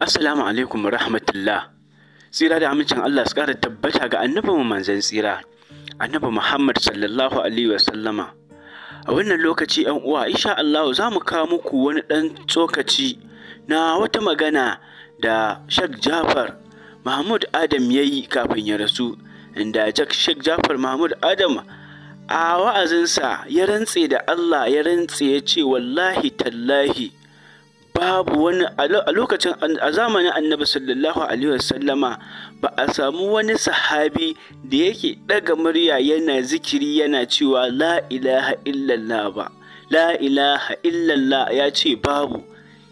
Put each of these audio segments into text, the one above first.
Assalamu alaikum rahmatullah. Tsira da amincin Allah su ƙara tabbata ga annabi mu manzan tsira, annabi Muhammad sallallahu alaihi sallama. A wannan lokaci ‘yan uwa, insha Allah za mu kawo muku wani ɗan tsokaci na wata magana da Sheikh Jafar Mahmud Adam ya yi kafin ya rasu, inda Sheikh Jafar Mahmud Adam a wa'azinsa ya rantse da Allah ya rantse ya ce wallahi tallahi babu wani a lokacin a zamanin annabi sallallahu alaihi wasallama ba a samu wani sahabi da yake ɗaga murya yana zikiri yana cewa la ilaha illallah ba la ilaha illallah ya ce babu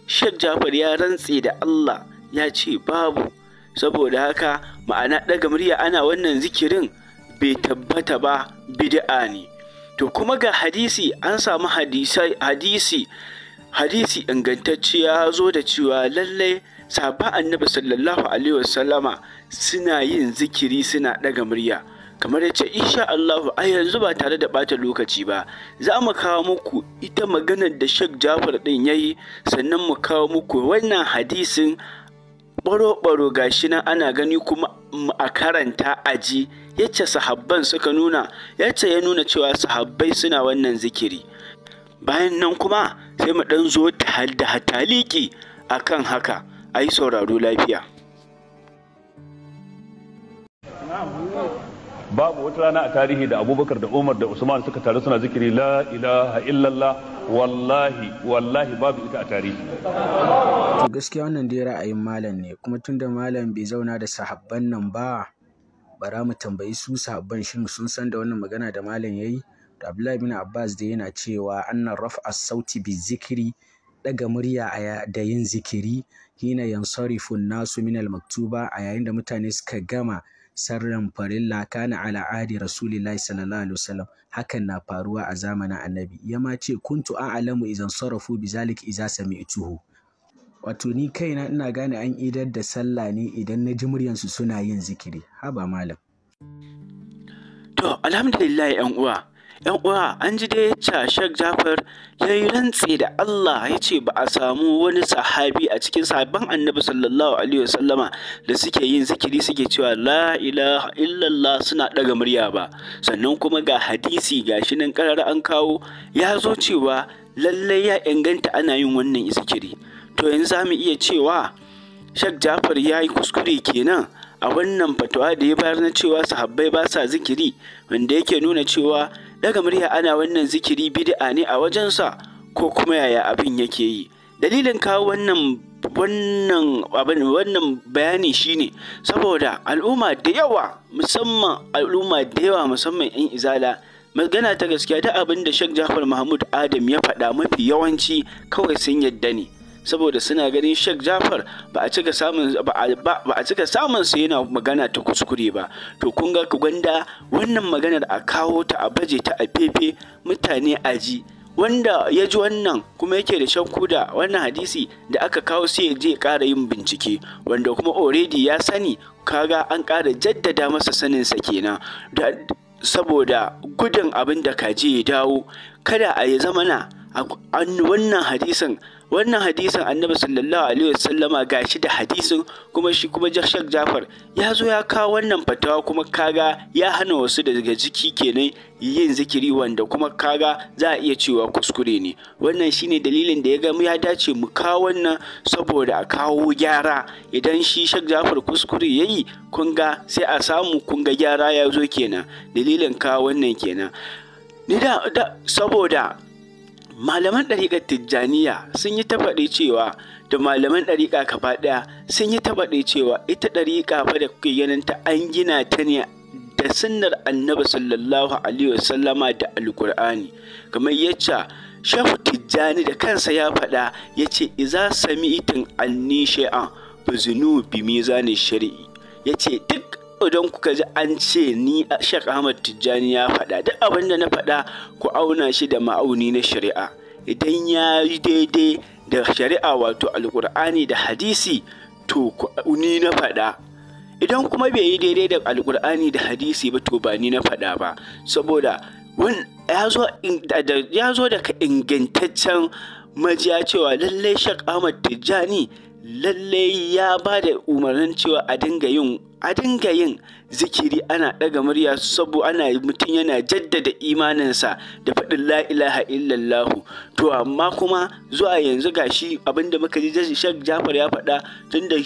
Sheikh Jafar ya rantse da Allah ya ce babu saboda haka ma'ana ɗaga murya ana wannan zikirin bai tabbata ba bid'a ne to kuma ga hadisi an samu hadisi hadisi ingantacce ya zo da cewa lallai saba annabi sallallahu alaihi wasallama suna yin zikiri suna ɗaga murya kamar ya ce insha Allah a yanzu ba tare da bata lokaci ba za mu kawo muku ita maganar da Sheikh Jafar ɗin yayi sannan mu kawo muku wannan hadisin baro-baro gashi nan ana gani kuma a karanta aji yace sahabban suka nuna yace ya nuna cewa sahabbai suna wannan zikiri bayan nan kuma sai mu ɗan zo da hataliki a kan haka a yi sauraro lafiya babu wata rana a tarihi da abubakar da umar da usman suka taru suna zikiri la ilaha illallah wallahi wallahi babu ita a tarihi to gaskiya wannan dai ra'ayin malam ne kuma tunda malam bai zauna da sahabban nan ba bara mu tambayi su sahabban shin sun san da wannan magana da malam yayi Abdullahi bin Abbas da yana cewa annan raf'a sauti bi zikiri daga murya da yin zikiri hina yansarifu nasu min al-maktuba a yayin da mutane suka gama sarran farilla kana ala adi rasulillahi sallallahu alaihi wasallam hakan na faruwa a zamanin annabi yama ce kuntu a'lamu idan sarafu bi zalik idza sami'tuhu wato ni kaina ina gane an idar da sallah ne idan na ji muryansu suna yin zikiri haba malam to alhamdulillah yan uwa 'Yan uwa, an ji dai yacca Sheikh Jafar ya yi rantse da Allah ya ce ba a samu wani sahabi a cikin sahabban Annabi sallallahu alaihi wasallama da suke yin zikiri suke cewa la ilaha illallah suna daga murya ba. Sannan kuma ga hadisi gashi nan karar an kawo ya zo cewa lallai ya inganta ana yin wannan zikiri. To yanzu za mu iya cewa Sheikh Jafar ya yi kuskure kenan. a wannan fatawa da ya bayar na cewa sahabbai ba sa zikiri wanda yake nuna cewa daga murya ana wannan zikiri bid'a ne a wajensa ko kuma yaya abin yake yi dalilin kawo wannan wannan abin wannan bayani shine saboda al'umma da yawa musamman al'umma da yawa musamman 'yan izala magana ta gaskiya ta abin da Sheikh Jafar Mahmud Adam ya faɗa mafi yawanci kawai sun yadda ne saboda suna ganin Sheikh Jafar ba a cika samun ba a cika samun sa yana magana ta kuskure ba to kun ga gwanda wannan maganar a kawo ta a baje ta a fefe mutane a ji wanda ya ji wannan kuma yake da shakku da wannan hadisi da aka kawo sai ya je ƙara yin bincike wanda kuma already ya sani kaga an ƙara jaddada masa sanin sa kenan saboda gudun abin da kaji ya dawo kada a yi zamana wannan hadisin wannan hadisin annabi sallallahu alaihi wasallama gashi da hadisin kuma shi kuma Shak Jafar ya zo ya kawo wannan fatawa kuma kaga ya hana wasu daga jiki kenan yin zikiri wanda kuma kaga za a iya cewa kuskure ne wannan shine dalilin da ya ga ya dace mu kawo wannan saboda a kawo gyara idan shi Shak Jafar kuskure yayi kun ga sai a samu kun ga gyara ya zo kenan dalilin kawo wannan kenan ni da saboda malaman ɗariƙar tijjaniya sun yi taɓaɗe cewa da malaman ɗariƙa gaba ɗaya sun yi taɓaɗe cewa ita ɗariƙa fa da kuke ganin ta an gina ta ne da sunnar annabi sallallahu alaihi wasallama da alkur'ani kamar yacca shafu tijjani da kansa ya faɗa ya ce iza sami itin anni shay'an bi zunubi mizanin shari'i ya ce duk idan kuka ji an ce ni shek Ahmad Tijjani ya faɗa duk abin da na faɗa ku auna shi da ma'auni na shari'a idan ya yi daidai da shari'a wato alkur'ani da hadisi to ni na faɗa idan kuma bai yi daidai da alkur'ani da hadisi ba to ba ni na faɗa ba saboda ya zo daga ingantaccen majiya cewa lallai shek Ahmad Tijjani Lallai ya ba da umarnin cewa a dinga yin a dinga yin zikiri ana ɗaga murya sabo ana mutum yana jaddada imaninsa da faɗin la ilaha illallahu to amma kuma zuwa yanzu gashi abinda muka ji shek jafar ya faɗa tunda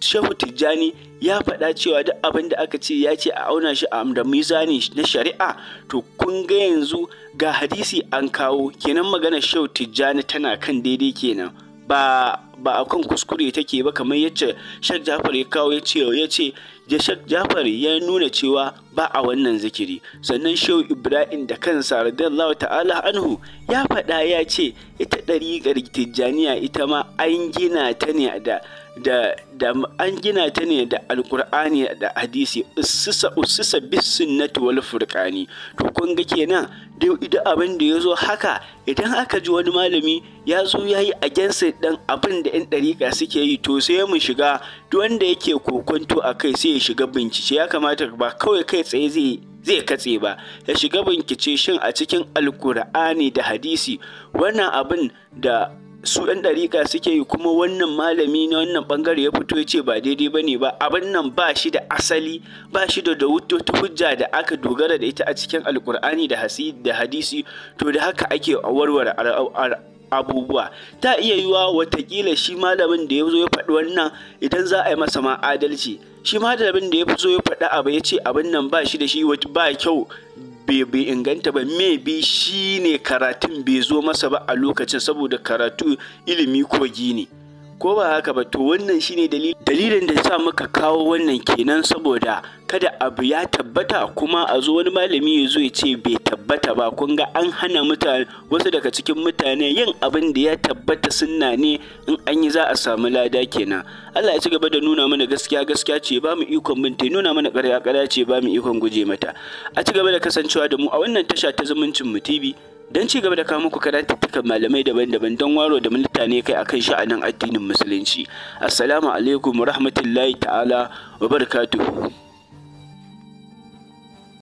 shehu tijjani ya faɗa cewa duk abinda aka ce ya ce a auna shi a da mizani na shari'a to kun ga yanzu ga hadisi an kawo kenan magana shehu tijjani tana kan daidai kenan ba ba a kan kuskure take ba kamar yacce Sheikh Jafar ya kawo ya ce ya Sheikh Jafar ya nuna cewa ba a wannan zikiri sannan Shehu Ibrahim da kansa radiyallahu ta'ala anhu ya faɗa ya ce ita ɗariƙar Tijjaniya ita ma an gina ta ne da da da an gina ta ne da alkur'ani da hadisi ussisa ussisa bis sunnati wal furqani to kun ga kenan duk abin da ya zo haka idan aka ji wani malami ya zo ya yi against dan abin da yan dariƙa suke yi to sai mu shiga duk wanda yake kokonto a kai sai ya shiga bincike ya kamata ba kawai kai tsaye zai zai katse ba ya shiga bincike shin a cikin alkur'ani da hadisi wannan abin da su ɗan ɗariƙa suke yi kuma wannan malami na wannan ɓangare ya fito ya ce ba daidai ba ne ba abin nan ba shi da asali ba shi da wata hujja da aka dogara da ita a cikin alkur'ani da hadisi to da haka ake warware abubuwa ta iya yiwa watakila shi malamin da ya zo ya faɗi wannan idan za a yi masa ma adalci shi malamin da ya zo ya faɗi abu ya ce abin nan ba shi da shi ba kyau bai inganta ba bi shi ne karatun bai zo masa ba a lokacin saboda karatu ilimi kogi ne ko ba haka ba to wannan shine dalilin da sa muka kawo wannan kenan saboda kada abu ya tabbata kuma a zo wani malami ya zo ya ce bai tabbata ba kun ga an hana mutane wasu daga cikin mutane yin abin da ya tabbata sunna ne in an yi za a samu lada kenan Allah ya ci gaba da nuna mana gaskiya gaskiya ce ba mu ikon minti, nuna mana ƙarya ƙarya ce ba mu ikon guje mata a ci gaba da kasancewa da mu a wannan tasha ta zumuncin mu TV don ci gaba da kawo muku karatuttukan malamai daban-daban don waro da mutane kai akan sha'anin addinin musulunci assalamu alaikum rahmatullahi ta'ala wa barakatuhu